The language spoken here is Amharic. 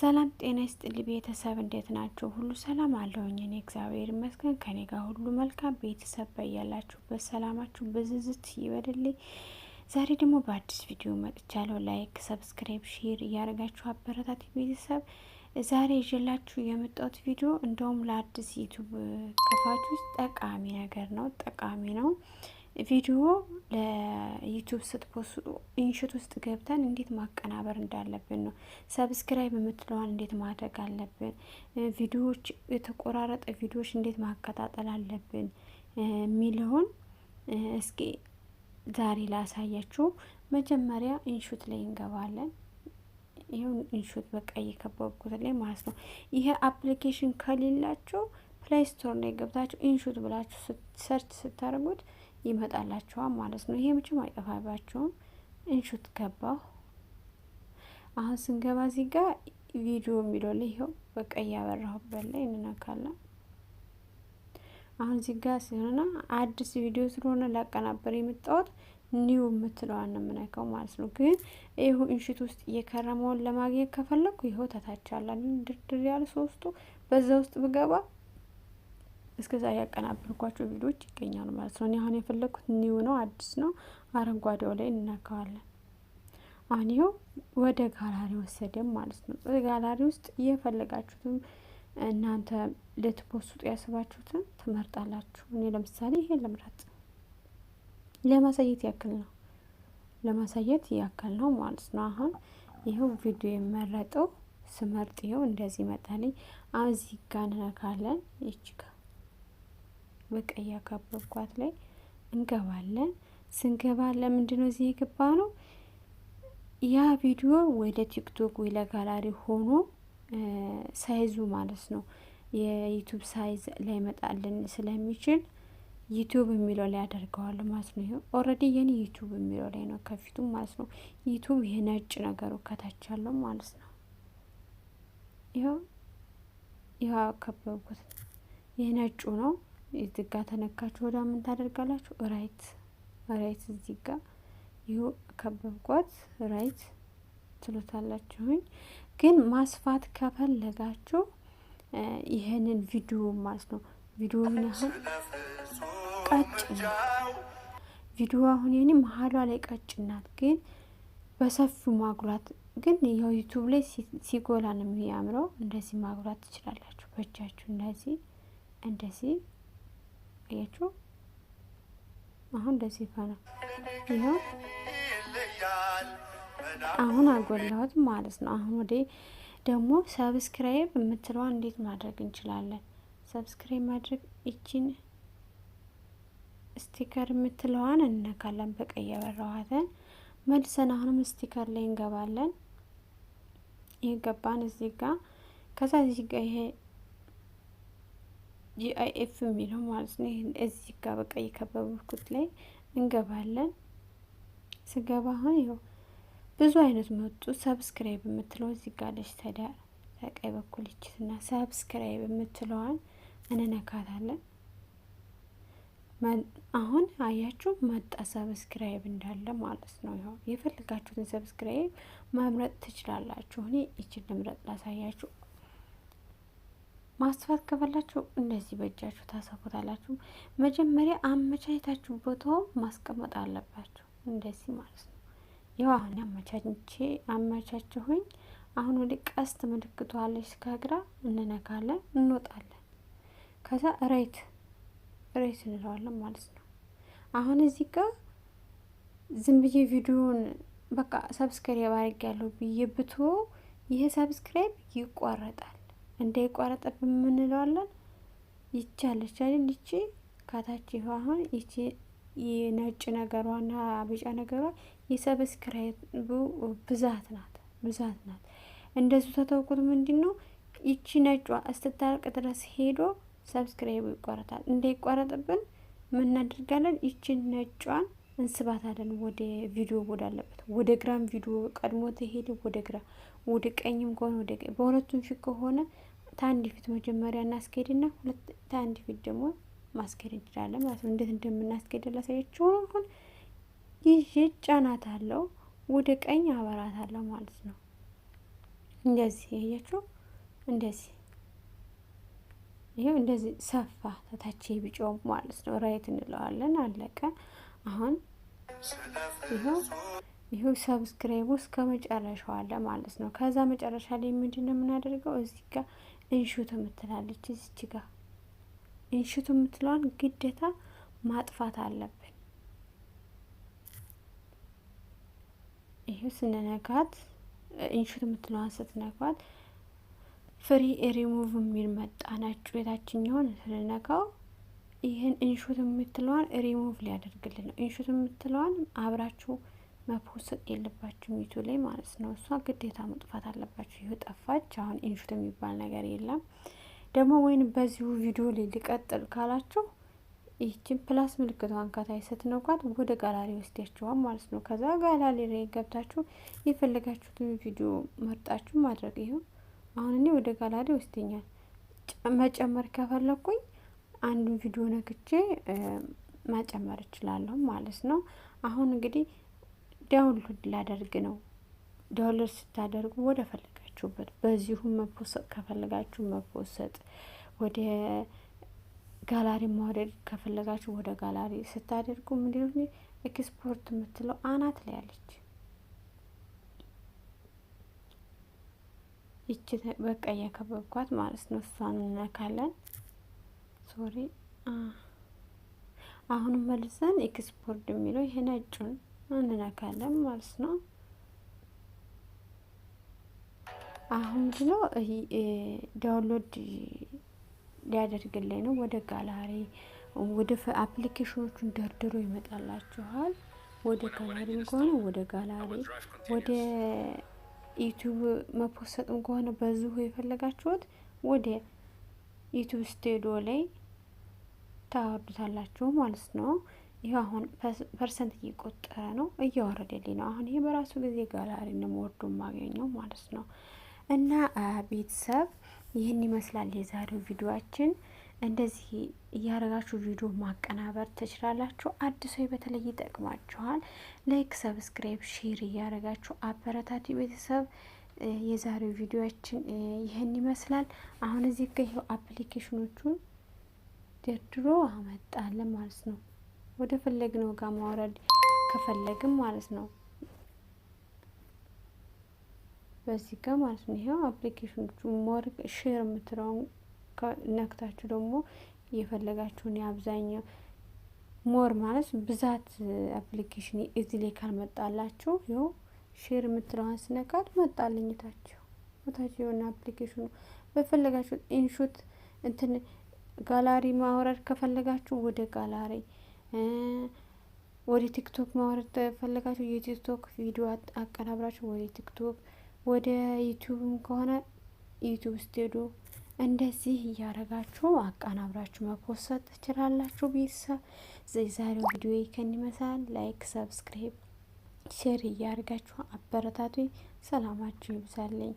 ሰላም ጤና ይስጥልኝ ቤተሰብ፣ እንዴት ናችሁ? ሁሉ ሰላም አለውኝ። እኔ እግዚአብሔር ይመስገን ከኔ ጋር ሁሉ መልካም። ቤተሰብ በያላችሁበት ሰላማችሁ ብዝዝት ይበድልኝ። ዛሬ ደግሞ በአዲስ ቪዲዮ መጥቻለሁ። ላይክ፣ ሰብስክራይብ፣ ሼር እያደረጋችሁ አበረታት ቤተሰብ። ዛሬ ይዤላችሁ የመጣሁት ቪዲዮ እንደውም ለአዲስ ዩቱብ ከፋች ውስጥ ጠቃሚ ነገር ነው፣ ጠቃሚ ነው ቪዲዮ ለዩቲዩብ ስትፖስ ኢንሹት ውስጥ ገብተን እንዴት ማቀናበር እንዳለብን ነው። ሰብስክራይብ የምትለዋን እንዴት ማድረግ አለብን፣ ቪዲዮዎች የተቆራረጠ ቪዲዮዎች እንዴት ማቀጣጠል አለብን የሚለውን እስኪ ዛሬ ላሳያችሁ። መጀመሪያ ኢንሹት ላይ እንገባለን። ይሁን ኢንሹት በቃ እየከበብኩት ላይ ማለት ነው። ይሄ አፕሊኬሽን ከሌላችሁ ፕሌይ ስቶር ላይ ገብታችሁ ኢንሹት ብላችሁ ሰርች ስታደርጉት ይመጣላችኋል ማለት ነው። ይሄ ብቻም አይጠፋባችሁም። እንሹት ገባሁ። አሁን ስንገባ እዚህ ጋር ቪዲዮ የሚለው ላይ ይኸው በቃ እያበራሁበት ላይ እንነካለን። አሁን እዚህ ጋር ሲሆንና አዲስ ቪዲዮ ስለሆነ ላቀናበር የመጣሁት ኒው የምትለዋን ነው የምነካው ማለት ነው። ግን ይኸው እንሽት ውስጥ እየከረመውን ለማግኘት ከፈለኩ ይኸው ተታች አላለን ድርድር ያለ ሶስቱ በዛ ውስጥ ብገባ እስከ ዛሬ ያቀናበርኳቸው ቪዲዮዎች ይገኛሉ ማለት ነው። እኔ አሁን የፈለግኩት ኒው ነው፣ አዲስ ነው። አረንጓዴው ላይ እናካዋለን። አሁን ይኸው ወደ ጋላሪ ወሰደም ማለት ነው። ጋላሪ ውስጥ እየፈለጋችሁትም እናንተ ልትፖስጡ ያስባችሁትን ትመርጣላችሁ። እኔ ለምሳሌ ይሄን ልምረጥ፣ ለማሳየት ያክል ነው፣ ለማሳየት ያክል ነው ማለት ነው። አሁን ይኸው ቪዲዮ የመረጠው ስመርጥ ይኸው እንደዚህ መጣልኝ። አሁን እዚህ ጋር እንነካለን ይችጋ በቀይ ያከበብኳት ላይ እንገባለን። ስንገባ ለምንድነው እዚህ የገባ ነው? ያ ቪዲዮ ወደ ቲክቶክ ወይ ለጋላሪ ሆኖ ሳይዙ ማለት ነው የዩቱብ ሳይዝ ላይመጣልን ስለሚችል ዩቱብ የሚለው ላይ አደርገዋለሁ ማለት ነው። ይሄ ኦልሬዲ የኔ ዩቱብ የሚለው ላይ ነው ከፊቱ ማለት ነው። ዩቱብ ይሄ ነጭ ነገሩ ከታች ያለው ማለት ነው። ይኸው ይኸው ከበብኩት ይሄ ነጩ ነው። እዚህ ጋ ተነካችሁ ወደ ምን ታደርጋላችሁ? ራይት ራይት እዚህ ጋ ይሁ ከበብቋት ራይት ትሉታላችሁኝ። ግን ማስፋት ከፈለጋችሁ ይህንን ቪዲዮ ማለት ነው ቪዲዮ ያህል ቀጭን ቪዲዮ አሁን የኔ መሀሏ ላይ ቀጭናት፣ ግን በሰፊው ማጉላት ግን ያው ዩቱብ ላይ ሲጎላ ነው የሚያምረው። እንደዚህ ማጉላት ትችላላችሁ በእጃችሁ እንደዚህ እንደዚህ አያችሁ አሁን እንደዚህ ይሆናል። ይኸው አሁን አጎላሁት ማለት ነው። አሁን ወደ ደግሞ ሰብስክራይብ የምትለዋ እንዴት ማድረግ እንችላለን? ሰብስክራይብ ማድረግ ይችን ስቲከር የምትለዋን እንነካለን። በቀይ ያበራኋትን መልሰን አሁንም ስቲከር ላይ እንገባለን። ይህ ገባን እዚህ ጋር ከዛ እዚህ ጋር ይሄ ጂአይኤፍ የሚለው ማለት ነው። ይህን እዚህ ጋር በቃ እየከበቡኩት ላይ እንገባለን። ስገባ አሁን ብዙ አይነት መጡ። ሰብስክራይብ የምትለው እዚህ ጋር አለች። ተዳ ከቀኝ በኩል ይችትና ሰብስክራይብ የምትለዋን እንነካታለን። አሁን አያችሁ መጣ ሰብስክራይብ እንዳለ ማለት ነው። ይኸው የፈለጋችሁትን ሰብስክራይብ መምረጥ ትችላላችሁ። እኔ ይችን ልምረጥ ላሳያችሁ። ማስፋት ከፈላችሁ እንደዚህ በእጃችሁ ታሰፉታላችሁ። መጀመሪያ አመቻችታችሁ ቦታው ማስቀመጥ አለባችሁ። እንደዚህ ማለት ነው። ያው አሁን አመቻችቼ አመቻችሁኝ። አሁን ወደ ቀስት ምልክቱ አለች ከግራ እንነካለን፣ እንወጣለን። ከዛ ሬት ሬት እንለዋለን ማለት ነው። አሁን እዚህ ጋር ዝም ብዬ ቪዲዮውን በቃ ሰብስክራይብ አድርግ ያለው ብዬ ብቶ ይህ ሰብስክራይብ ይቆረጣል። እንዳይቋረጠብን የምንለዋለን። ይቻለች አይደል? ይቺ ካታች ይኸው አሁን ይቺ የነጭ ነገሯና ቢጫ ነገሯ የሰብስክራይቡ ብዛት ናት ብዛት ናት። እንደሱ ተተውኩት ምንድን ነው ይቺ ነጯ እስትታርቅ ድረስ ሄዶ ሰብስክራይቡ ይቋረጣል። እንዳይቋረጥብን ምን እናደርጋለን? ይቺን ነጯን እንስባታለን ወደ ቪዲዮ ወዳለበት ወደ ግራም ቪዲዮ ቀድሞ ተሄደ ወደ ግራ ወደ ቀኝም ከሆነ ወደ ቀኝ በሁለቱም ፊት ከሆነ ታንድ ፊት መጀመሪያ እናስኬድና ሁለት ታንድ ፊት ደግሞ ማስኬድ እንችላለን ማለት ነው። እንዴት እንደምናስኬድ ላሳያችሁ። አሁን ይዤ አለው ወደ ቀኝ አለው ማለት ነው። እንደዚህ ያያችሁ፣ እንደዚህ ይሄው እንደዚህ ሰፋ ታታች ቢጫው ማለት ነው። ራይት እንለዋለን። አለቀ። አሁን ይሄው ይሄው ሰብስክራይብ እስከ መጨረሻው አለ ማለት ነው። ከዛ መጨረሻ ላይ ምንድነው የምናደርገው እዚህ ጋር እንሹት የምትላለች እዚች ጋ እንሹት የምትለዋን ግዴታ ማጥፋት አለብን። ይህ ስንነካት ኢንሹት የምትለዋን ስትነኳት ፍሪ ሪሙቭ የሚል መጣ ናችሁ። የታችኛውን ስንነካው ይህን እንሹት የምትለዋን ሪሙቭ ሊያደርግልን ነው። እንሹት የምትለዋን አብራችሁ መፖሰጥ የለባችሁም ሚቱ ላይ ማለት ነው። እሷ ግዴታ መጥፋት አለባችሁ። ይህ ጠፋች። አሁን ኢንሹት የሚባል ነገር የለም ደግሞ ወይም በዚሁ ቪዲዮ ላይ ሊቀጥል ካላችሁ ይህችን ፕላስ ምልክቷን ከታይ ስትነኳት ወደ ጋላሪ ወስዳችኋል ማለት ነው። ከዛ ጋላሪ ላይ ገብታችሁ የፈለጋችሁትን ቪዲዮ መርጣችሁ ማድረግ ይሁን። አሁን እኔ ወደ ጋላሪ ወስደኛል። መጨመር ከፈለኩኝ አንዱን ቪዲዮ ነክቼ መጨመር እችላለሁ ማለት ነው። አሁን እንግዲህ ዳውንሎድ ላደርግ ነው። ዳውንሎድ ስታደርጉ ወደ ፈለጋችሁበት በዚሁም መፖሰጥ ከፈለጋችሁ መፖሰጥ፣ ወደ ጋላሪ ማውረድ ከፈለጋችሁ ወደ ጋላሪ ስታደርጉ ምንድን ኤክስፖርት የምትለው አናት ላይ ያለች ይች በቃ እያከበብኳት ማለት ነው። እሷን እነካለን። ሶሪ አሁንም መልሰን ኤክስፖርት የሚለው ይሄ ነጩን እንነካለን ማለት ነው። አሁን ዳውንሎድ ሊያደርግልኝ ነው። ወደ ጋላሪ ወደ አፕሊኬሽኖቹን ደርድሮ ይመጣላችኋል። ወደ ከቨሪን ከሆነ ወደ ጋላሪ፣ ወደ ዩቱብ መፖሰጥም ከሆነ በዚሁ የፈለጋችሁት ወደ ዩቱብ ስቱዲዮ ላይ ታወርዱታላችሁ ማለት ነው። ይህ አሁን ፐርሰንት እየቆጠረ ነው፣ እየወረደልኝ ነው። አሁን ይሄ በራሱ ጊዜ ጋላሪ ነው ወርዶ የማገኘው ማለት ነው። እና ቤተሰብ ይህን ይመስላል የዛሬው ቪዲዮችን። እንደዚህ እያደረጋችሁ ቪዲዮ ማቀናበር ትችላላችሁ። አዲሶ በተለይ ይጠቅማችኋል። ላይክ፣ ሰብስክራይብ፣ ሼር እያደረጋችሁ አበረታቱ ቤተሰብ። የዛሬው ቪዲዮችን ይህን ይመስላል። አሁን እዚህ ይኸው አፕሊኬሽኖቹን ደርድሮ አመጣለን ማለት ነው። ወደ ፈለግነው ጋር ማውረድ ከፈለግም ማለት ነው። በዚህ ጋር ማለት ነው። ይሄው አፕሊኬሽኖቹ ሞር ሼር የምትለውን ነክታችሁ ደግሞ የፈለጋችሁን የአብዛኛው ሞር ማለት ብዛት አፕሊኬሽን እዚህ ላይ ካልመጣላችሁ ይኸው ሼር የምትለዋን ስነካት መጣልኝ ታችሁ ታች የሆነ አፕሊኬሽኑ በፈለጋችሁ ኢንሹት እንትን ጋላሪ ማውረድ ከፈለጋችሁ ወደ ጋላሪ ወደ ቲክቶክ ማውረድ ፈለጋችሁ የቲክቶክ ቪዲዮ አቀናብራችሁ ወደ ቲክቶክ፣ ወደ ዩቱብም ከሆነ ዩቱብ ስትሄዱ እንደዚህ እያደረጋችሁ አቀናብራችሁ መፖሰት ትችላላችሁ። ቤተሰብ የዛሬው ቪዲዮ ይከን ይመስላል። ላይክ፣ ሰብስክራይብ፣ ሼር እያደርጋችሁ አበረታቱኝ። ሰላማችሁ ይብዛልኝ።